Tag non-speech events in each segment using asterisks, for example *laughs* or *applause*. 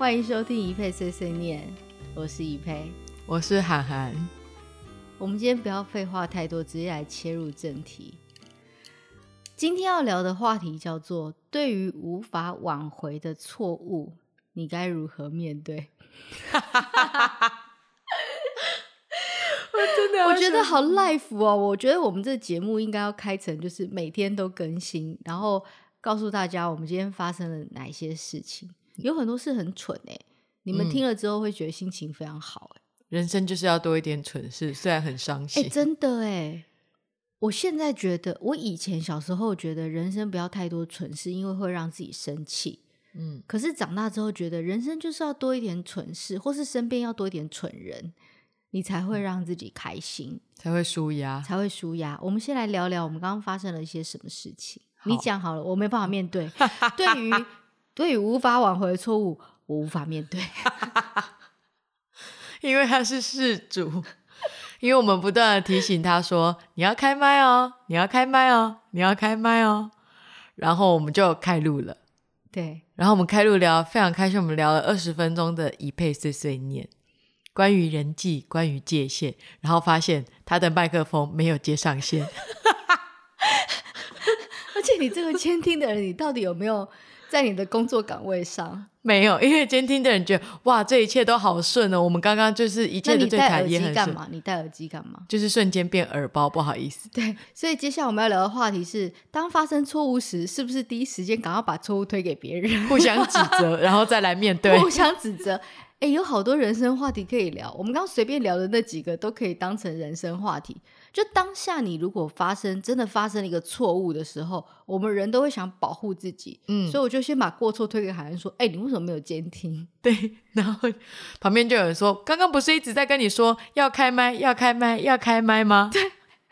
歡迎收聽怡霈碎碎念，我是怡霈，我是涵涵。我們今天不要廢話太多，直接來切入正題。今天要聊的話題叫做：對於無法挽回的錯誤，你該如何面對？ *laughs* *laughs* *laughs* 我真的我覺得好 life 哦、啊！我覺得我們這節目應該要開成，就是每天都更新，然後告訴大家我們今天發生了哪些事情。有很多事很蠢，哎、欸，你們聽了之後會覺得心情非常好哎、欸、嗯。人生就是要多一點蠢事，雖然很傷心。哎、欸，真的哎、欸，我現在覺得，我以前小時候覺得人生不要太多蠢事，因為會讓自己生氣。嗯、可是長大之後覺得，人生就是要多一點蠢事，或是身邊要多一點蠢人，你才會讓自己開心，才會舒壓，才會舒壓。我們先來聊聊，我們剛剛發生了一些什麼事情？好你講好了，我沒辦法面對。 *laughs* 對於。所以，無法挽回錯誤，我無法面對， *laughs* 因為他是事主，因為我們不斷的提醒他說：“ *laughs* 你要開麥哦，你要開麥哦，你要開麥哦。”然後我們就開錄了，對，然後我們開錄聊，非常開心，我們聊了二十分鐘的怡霈碎碎念，關於人際，關於界限，然後發現他的麥克風沒有接上線， *laughs* *laughs* *laughs* 而且你這個監聽的人，你到底有沒有？在你的工作崗位上沒有。因為監聽的人覺得哇，這一切都好順哦。我們剛剛就是一切的對談也很順。那你戴耳機幹嘛？你戴耳機幹嘛？就是瞬間變耳包，不好意思。對，所以接下來我們要聊的話題是，當發生錯誤時，是不是第一時間趕快把錯誤推給別人，互相指責， *laughs* 然後再來面對？互相指責。哎、欸，有好多人生話題可以聊。我們剛剛隨便聊的那幾個都可以當成人生話題。就當下，你如果發生真的發生了一個錯誤的時候，我們人都會想保護自己，嗯，所以我就先把過錯推給海恩說：“哎、欸，你為什麼沒有監聽？”對，然後旁邊就有人說：“剛剛不是一直在跟你說要開麥，要開麥，要開麥嗎？”對，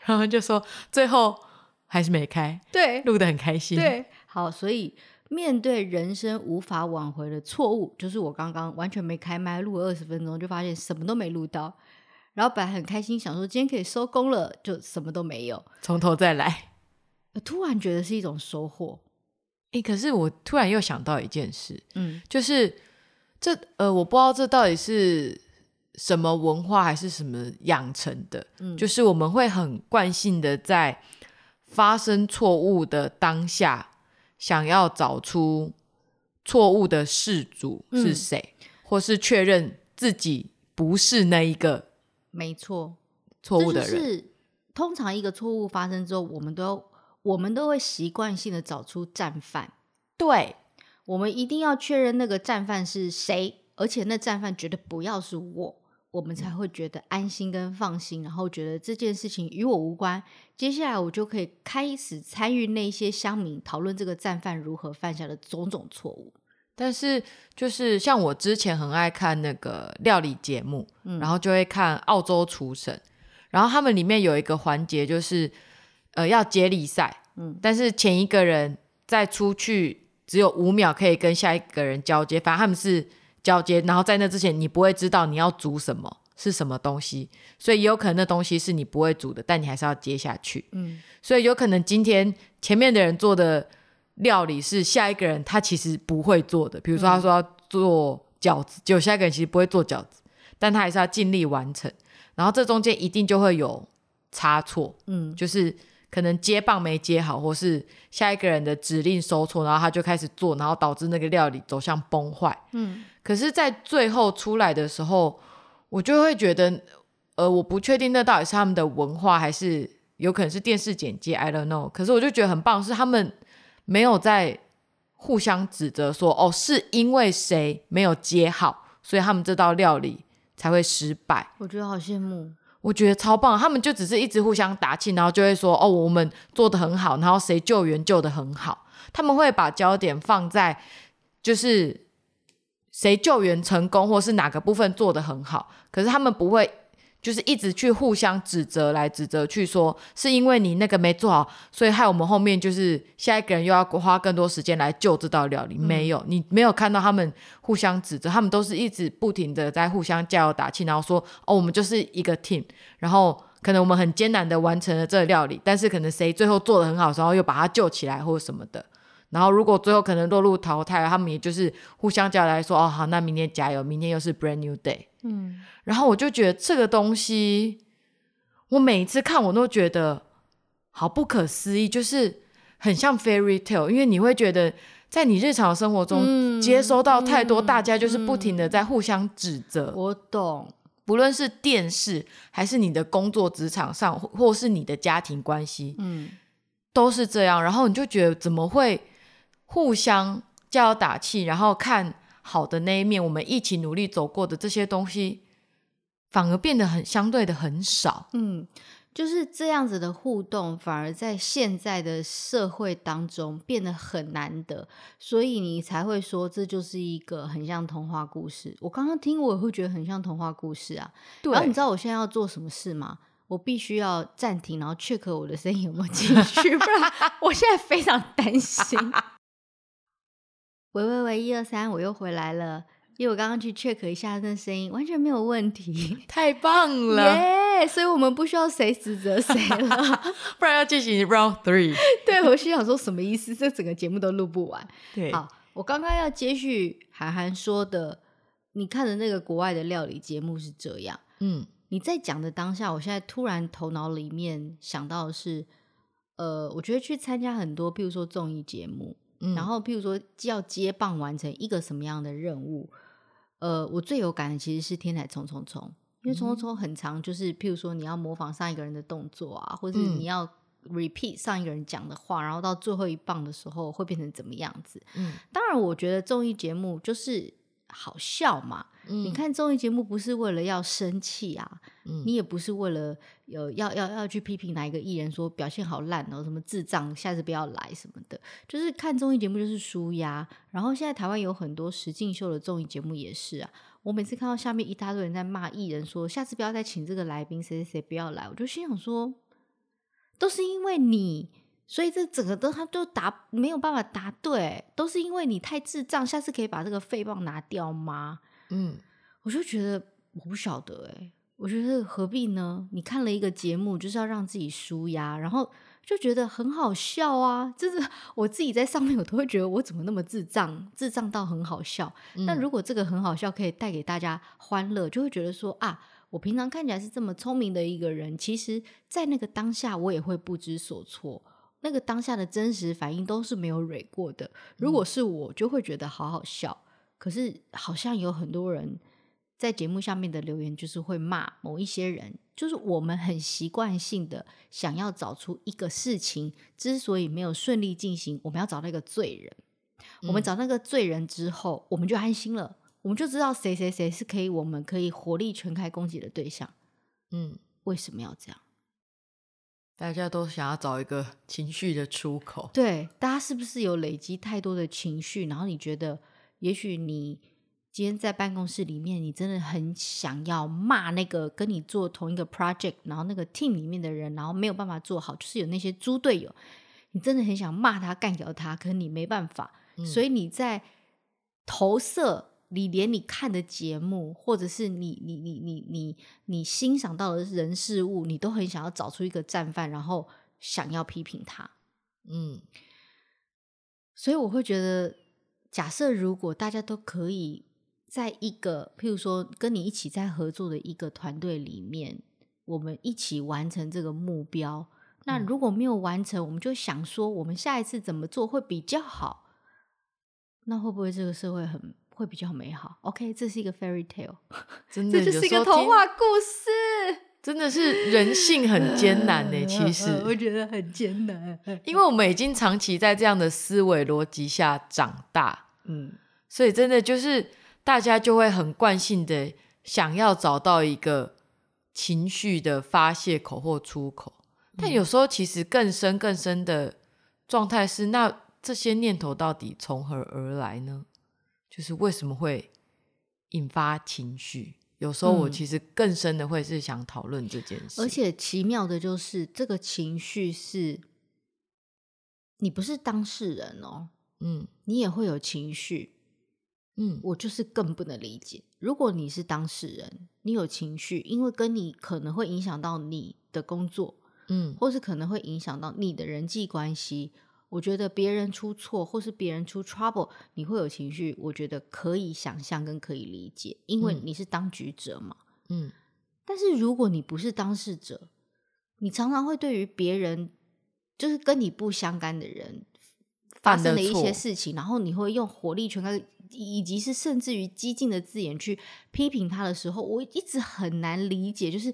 然後就說最後還是沒開，對，錄得很開心，對，好，所以面對人生無法挽回的錯誤，就是我剛剛完全沒開麥，錄了二十分鐘，就發現什麼都沒錄到。然後本來很開心，想說今天可以收工了，就什麼都沒有，從頭再來。突然覺得是一種收穫。誒、欸，可是我突然又想到一件事，嗯，就是這呃，我不知道這到底是什麼文化還是什麼養成的，嗯，就是我們會很慣性的在發生錯誤的當下，想要找出錯誤的始祖是誰，嗯、或是確認自己不是那一個。沒錯，錯誤的人、這就是，通常一個錯誤發生之後，我們都我們都會習慣性的找出戰犯。對，我們一定要確認那個戰犯是誰，而且那戰犯絕對不要是我，我們才會覺得安心跟放心，嗯、然後覺得這件事情與我無關，接下來我就可以開始參與那些鄉民討論這個戰犯如何犯下的種種錯誤。但是就是像我之前很愛看那個料理節目，嗯，然後就會看澳洲廚神，然後他們裡面有一個環節就是，呃，要接力賽，嗯，但是前一個人再出去只有五秒可以跟下一個人交接，反正他們是交接，然後在那之前你不會知道你要煮什麼是什麼東西，所以有可能那東西是你不會煮的，但你還是要接下去，嗯，所以有可能今天前面的人做的。料理是下一個人他其實不會做的，比如說他說要做餃子，就、嗯、下一個人其實不會做餃子，但他還是要盡力完成。然後這中間一定就會有差錯，嗯，就是可能接棒沒接好，或是下一個人的指令收錯，然後他就開始做，然後導致那個料理走向崩壞，嗯。可是，在最後出來的時候，我就會覺得，呃，我不確定那到底是他們的文化，還是有可能是電視剪接。I don't know。可是我就覺得很棒，是他們。沒有在互相指責說哦，是因為誰沒有接好，所以他們這道料理才會失敗。我覺得好羨慕，我覺得超棒。他們就只是一直互相打氣，然後就會說哦，我們做得很好，然後誰救援救得很好，他們會把焦點放在就是誰救援成功，或是哪個部分做得很好。可是他們不會。就是一直去互相指責，來指責去說，是因為你那個沒做好，所以害我們後面就是下一個人又要花更多時間來救這道料理。嗯、沒有，你沒有看到他們互相指責，他們都是一直不停地在互相加油打氣，然後說哦，我們就是一個 team，然後可能我們很艱難地完成了這個料理，但是可能誰最後做得很好，然後又把它救起來或什麼的。然後如果最後可能落入淘汰，他們也就是互相叫來說哦，好，那明天加油，明天又是 brand new day。嗯，然後我就覺得這個東西，我每一次看我都覺得好不可思議，就是很像 fairy tale，因為你會覺得在你日常生活中、嗯、接收到太多，嗯、大家就是不停的在互相指責。嗯、我懂，不論是電視還是你的工作職場上，或是你的家庭關係，嗯，都是這樣。然後你就覺得怎麼會互相叫打氣，然後看。好的那一面，我們一起努力走過的這些東西，反而變得很相對的很少。嗯，就是這樣子的互動，反而在現在的社會當中變得很難得，所以你才會說，這就是一個很像童話故事。我剛剛聽，我也會覺得很像童話故事啊。對。然後你知道我現在要做什麼事嗎？我必須要暫停，然後 check 我的聲音有沒有進去， *laughs* 不然我現在非常擔心。 *laughs* 喂喂喂，一二三，我又回來了，因為我剛剛去 check 一下，那聲音完全沒有問題，太棒了耶！Yeah, 所以我們不需要誰指責誰了， *laughs* 不然要進行 Round Three。對，我心想說什麼意思？ *laughs* 這整個節目都錄不完。對，好，我剛剛要接續韓寒說的，你看的那個國外的料理節目是這樣。嗯，你在講的當下，我現在突然頭腦裡面想到的是，呃，我覺得去參加很多，譬如說綜藝節目。嗯、然後，譬如說，既要接棒完成一個什麼樣的任務，呃，我最有感的其實是《天才衝衝衝》，因為衝衝衝很長，就是譬如說，你要模仿上一個人的動作啊，或者是你要 repeat 上一個人講的話，嗯、然後到最後一棒的時候會變成怎麼樣子。嗯，當然，我覺得綜藝節目就是。好笑嘛？嗯、你看綜藝節目不是為了要生氣啊，嗯、你也不是為了有要要要去批評哪一個藝人說表現好爛哦、喔，什麼智障，下次不要來什麼的，就是看綜藝節目就是紓壓。然後現在台灣有很多實境秀的綜藝節目也是啊，我每次看到下面一大堆人在罵藝人說，下次不要再請這個來賓，誰誰誰不要來，我就心想說，都是因為你。所以這整個都他都答沒有辦法答對，都是因為你太智障。下次可以把這個廢棒拿掉嗎？嗯，我就覺得我不曉得，哎，我覺得何必呢？你看了一個節目就是要讓自己舒壓，然後就覺得很好笑啊！就是我自己在上面我都會覺得我怎麼那麼智障，智障到很好笑。但、嗯、如果這個很好笑，可以帶給大家歡樂，就會覺得說啊，我平常看起來是這麼聰明的一個人，其實，在那個當下我也會不知所措。那個當下的真實反應都是沒有蕊過的。如果是我，就會覺得好好笑。嗯、可是好像有很多人在節目下面的留言，就是會罵某一些人。就是我們很習慣性的想要找出一個事情之所以沒有順利進行，我們要找那個罪人。嗯、我們找那個罪人之後，我們就安心了。我們就知道誰誰誰是可以，我們可以火力全開攻擊的對象。嗯，為什麼要這樣？大家都想要找一個情緒的出口。對，大家是不是有累積太多的情緒？然後你覺得，也許你今天在辦公室裡面，你真的很想要罵那個跟你做同一個 project，然後那個 team 裡面的人，然後沒有辦法做好，就是有那些豬隊友，你真的很想罵他、幹掉他，可是你沒辦法，嗯、所以你在投射。你連你看的節目，或者是你你你你你你欣賞到的人事物，你都很想要找出一個戰犯，然後想要批評他。嗯，所以我會覺得，假設如果大家都可以在一個，譬如說跟你一起在合作的一個團隊裡面，我們一起完成這個目標，嗯、那如果沒有完成，我們就想說我們下一次怎麼做會比較好？那會不會這個社會很？會比較美好，OK，這是一個 fairy tale， *laughs* 真的， *laughs* 這就是一個童話故事， *laughs* 真的是人性很艱難呢、欸。其實 *laughs* 我覺得很艱難， *laughs* 因為我們已經長期在這樣的思維邏輯下長大，嗯，所以真的就是大家就會很慣性的想要找到一個情緒的發洩口或出口，嗯、但有時候其實更深更深的狀態是，那這些念頭到底從何而來呢？就是為什麼會引發情緒？有時候我其實更深的會是想討論這件事，嗯。而且奇妙的就是，這個情緒是你不是當事人哦，喔，嗯，你也會有情緒，嗯，我就是更不能理解。如果你是當事人，你有情緒，因為跟你可能會影響到你的工作，嗯，或是可能會影響到你的人際關係。我覺得別人出錯或是別人出 trouble，你會有情緒，我覺得可以想象跟可以理解，因為你是當局者嘛，嗯。但是如果你不是當事者，你常常會對於別人就是跟你不相干的人發生了一些事情，然後你會用火力全開，以及是甚至於激進的字眼去批評他的時候，我一直很難理解，就是。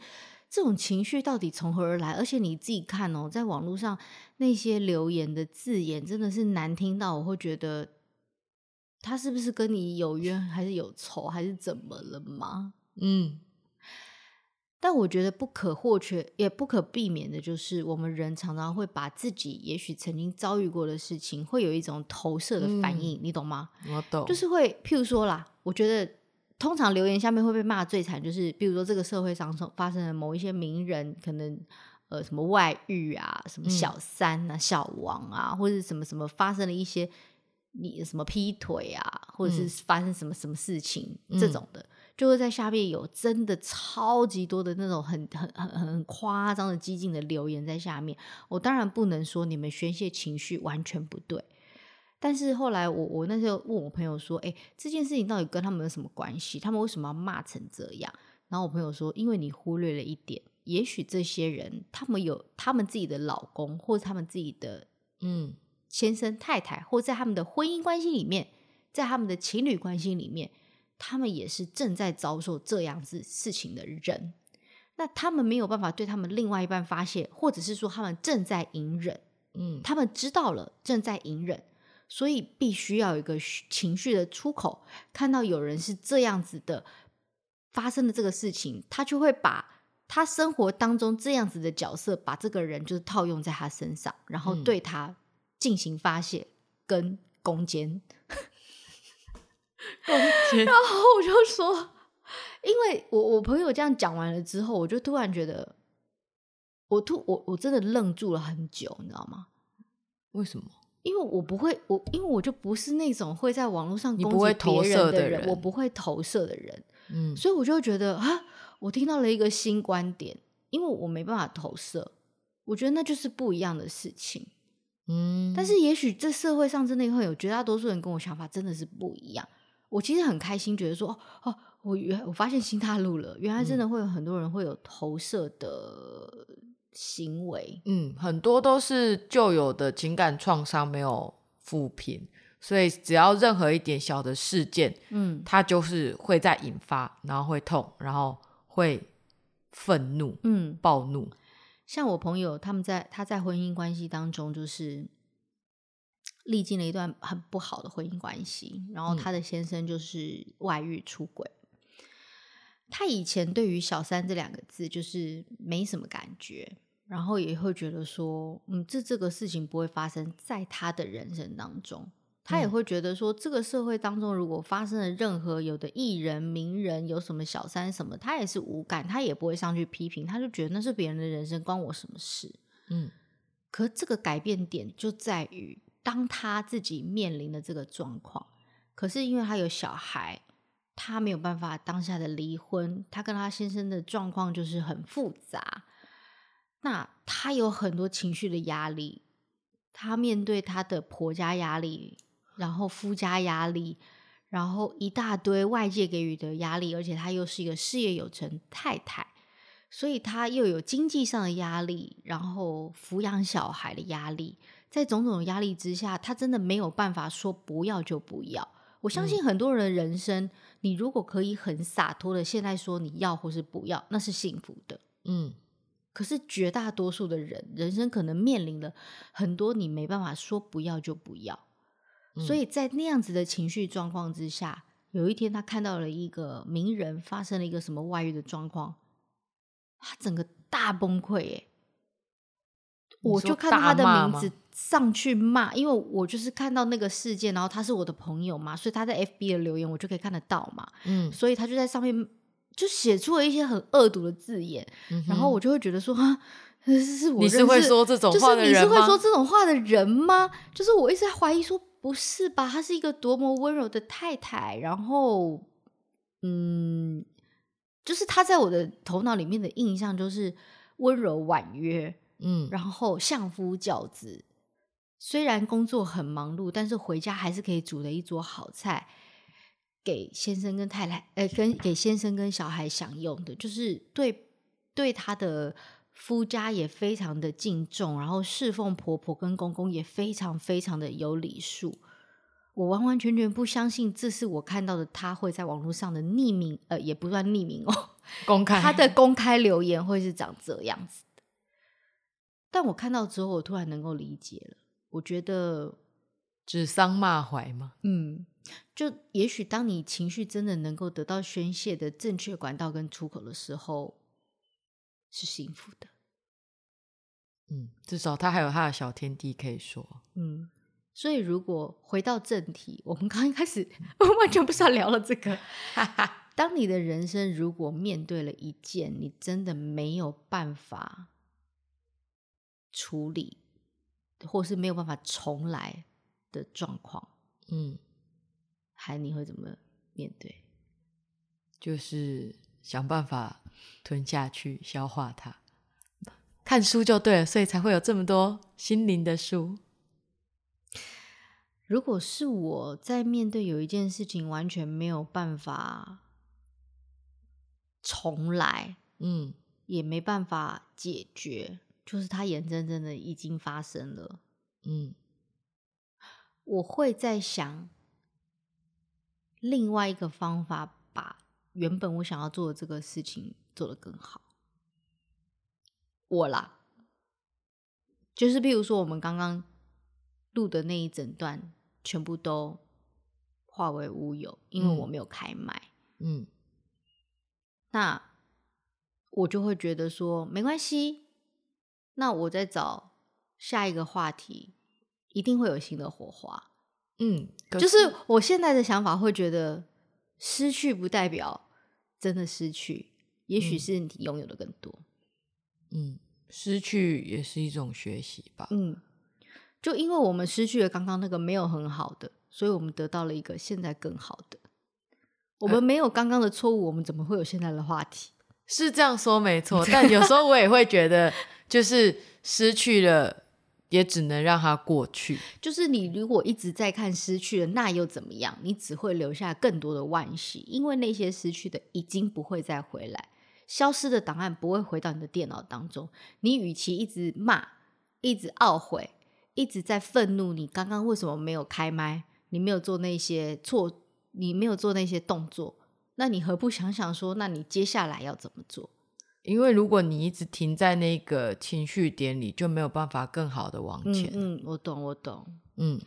這種情緒到底從何而來？而且你自己看哦，在網絡上那些留言的字眼，真的是難聽到，我會覺得他是不是跟你有冤，還是有仇，還是怎麼了嗎？嗯。但我覺得不可或缺，也不可避免的，就是我們人常常會把自己也許曾經遭遇過的事情，會有一種投射的反應，嗯，你懂嗎？我懂，就是會，譬如說啦，我覺得。通常留言下面會被罵最慘，就是比如說這個社會上所發生的某一些名人，可能呃什麼外遇啊，什麼小三啊、嗯、小王啊，或者什麼什麼發生了一些你什麼劈腿啊，或者是發生什麼什麼事情、嗯、這種的，就會在下面有真的超級多的那種很很很很誇張的激進的留言在下面。我當然不能說你們宣泄情緒完全不對。但是後來我，我我那時候問我朋友說：“哎，這件事情到底跟他們有什麼關係？他們為什麼要罵成這樣？”然後我朋友說：“因為你忽略了一點，也許這些人他們有他們自己的老公，或者他們自己的嗯先生太太，或在他們的婚姻關係裡面，在他們的情侶關係裡面，他們也是正在遭受這樣子事情的人。那他們沒有辦法對他們另外一半發洩，或者是說他們正在隱忍，嗯，他們知道了，正在隱忍。”所以必須要有一個情緒的出口，看到有人是這樣子的發生的這個事情，他就會把他生活當中這樣子的角色，把這個人就是套用在他身上，然後對他進行發泄跟攻堅。攻堅。然後我就說，因為我我朋友這樣講完了之後，我就突然覺得，我突我我真的愣住了很久，你知道嗎？為什麼？因為我不會，我因為我就不是那種會在網絡上攻擊別人的人，不的人我不會投射的人，嗯，所以我就覺得啊，我聽到了一個新觀點，因為我沒辦法投射，我覺得那就是不一樣的事情，嗯，但是也許這社會上真的會有絕大多數人跟我想法真的是不一樣，我其實很開心，覺得說哦，哦，我原來我發現新大陸了，原來真的會有很多人會有投射的，嗯。行為，嗯，很多都是舊有的情感創傷沒有撫平，所以只要任何一點小的事件，嗯，它就是會再引發，然後會痛，然後會憤怒，嗯，暴怒。像我朋友，他們在他在婚姻關係當中，就是歷經了一段很不好的婚姻關係，然後他的先生就是外遇出軌。嗯、他以前對於“小三”這兩個字就是沒什麼感覺。然後也會覺得說，嗯，這這個事情不會發生在他的人生當中。他也會覺得說，嗯、這個社會當中如果發生了任何有的藝人、名人有什麼小三什麼，他也是無感，他也不會上去批評，他就覺得那是別人的人生，關我什麼事？嗯。可這個改變點就在於，當他自己面臨的這個狀況，可是因為他有小孩，他沒有辦法當下的離婚，他跟他先生的狀況就是很複雜。那他有很多情緒的壓力，他面對他的婆家壓力，然後夫家壓力，然後一大堆外界給予的壓力，而且他又是一個事業有成太太，所以他又有經濟上的壓力，然後撫養小孩的壓力，在種種壓力之下，他真的沒有辦法說不要就不要。我相信很多人的人生，嗯、你如果可以很灑脫的現在說你要或是不要，那是幸福的。嗯。可是絕大多數的人，人生可能面臨了很多你沒辦法說不要就不要，嗯、所以在那樣子的情緒狀況之下，有一天他看到了一個名人發生了一個什麼外遇的狀況，他整個大崩潰耶！我就看到他的名字上去罵，因為我就是看到那個事件，然後他是我的朋友嘛，所以他在 F B 的留言我就可以看得到嘛，嗯、所以他就在上面。就寫出了一些很惡毒的字眼，嗯、哼然後我就會覺得說，這是你是是我是會說這種話的人嗎？就是我一直在懷疑說，不是吧，她是一個多麼溫柔的太太。然後，嗯，就是她在我的頭腦裡面的印象就是溫柔婉約，嗯、然後相夫教子，雖然工作很忙碌，但是回家還是可以煮了一桌好菜。給先生跟太太，呃、欸，跟給先生跟小孩享用的。就是對，對他的夫家也非常的敬重，然後侍奉婆婆婆跟公公也非常非常的有禮數。我完完全全不相信，這是我看到的他會在網絡上的匿名，呃，也不算匿名哦，公開他的公開留言會是長這樣子的。但我看到之後，我突然能夠理解了。我覺得指桑罵槐嗎？嗯。就也許，當你情緒真的能夠得到宣泄的正確管道跟出口的時候，是幸福的。嗯，至少他還有他的小天地可以說。嗯，所以如果回到正題，我們剛一開始我完全不是要聊了這個。 *laughs* 當你的人生如果面對了一件你真的沒有辦法處理，或是沒有辦法重來的狀況，嗯。還你會怎麼面對？就是想辦法吞下去、消化它，看書就對了，所以才會有這麼多心靈的書。如果是我在面對有一件事情，完全沒有辦法重來，嗯，也沒辦法解決，就是它眼睜睜的已經發生了，嗯，我會在想，另外一個方法，把原本我想要做的這個事情做得更好。我啦，就是比如說我們剛剛錄的那一整段，全部都化為烏有，因為我沒有開麥。嗯，嗯，那我就會覺得說沒關係，那我再找下一個話題，一定會有新的火花。嗯，可是就是我現在的想法會覺得，失去不代表真的失去，嗯、也許是你擁有的更多。嗯，失去也是一種學習吧。嗯，就因為我們失去了剛剛那個沒有很好的，所以我們得到了一個現在更好的。呃、我們沒有剛剛的錯誤，我們怎麼會有現在的話題？是這樣說沒錯， *laughs* 但有時候我也會覺得，就是失去了。也只能讓它過去。就是你如果一直在看失去了，那又怎麼樣？你只會留下更多的惋惜，因為那些失去的已經不會再回來，消失的檔案不會回到你的電腦當中。你與其一直罵、一直懊悔、一直在憤怒，你剛剛為什麼沒有開麥？你沒有做那些錯，你沒有做那些動作，那你何不想想說，那你接下來要怎麼做？因為如果你一直停在那個情緒點裡，就沒有辦法更好的往前。嗯，嗯，我懂，我懂。嗯，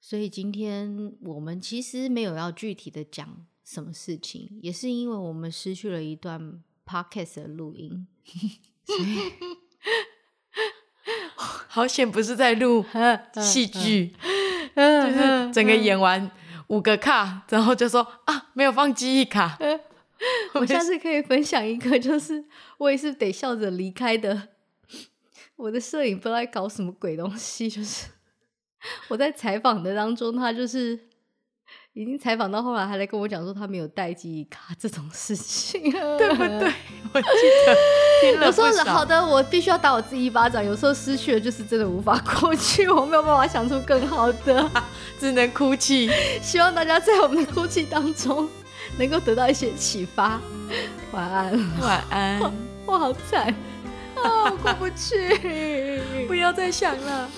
所以今天我們其實沒有要具體的講什麼事情，也是因為我們失去了一段 podcast 的錄音。 *laughs* *laughs* *laughs* 好險，不是在錄戲劇， *laughs* 就是整個演完五個卡，然後就說啊，沒有放記憶卡。我，是我下次可以分享一個，就是我也是得笑着離開的。我的攝影不知道在搞什麼鬼東西，就是我在採訪的當中，他就是已經採訪到後來，還來跟我講說他沒有帶記憶卡這種事情，啊，對不對？我記得，我說好的，我必須要打我自己一巴掌。有時候失去了，就是真的無法過去，我沒有辦法想出更好的，只能哭泣。希望大家在我們的哭泣當中，能夠得到一些啟發。晚安，晚安。我好慘啊！我過不去， *laughs* 不要再想了。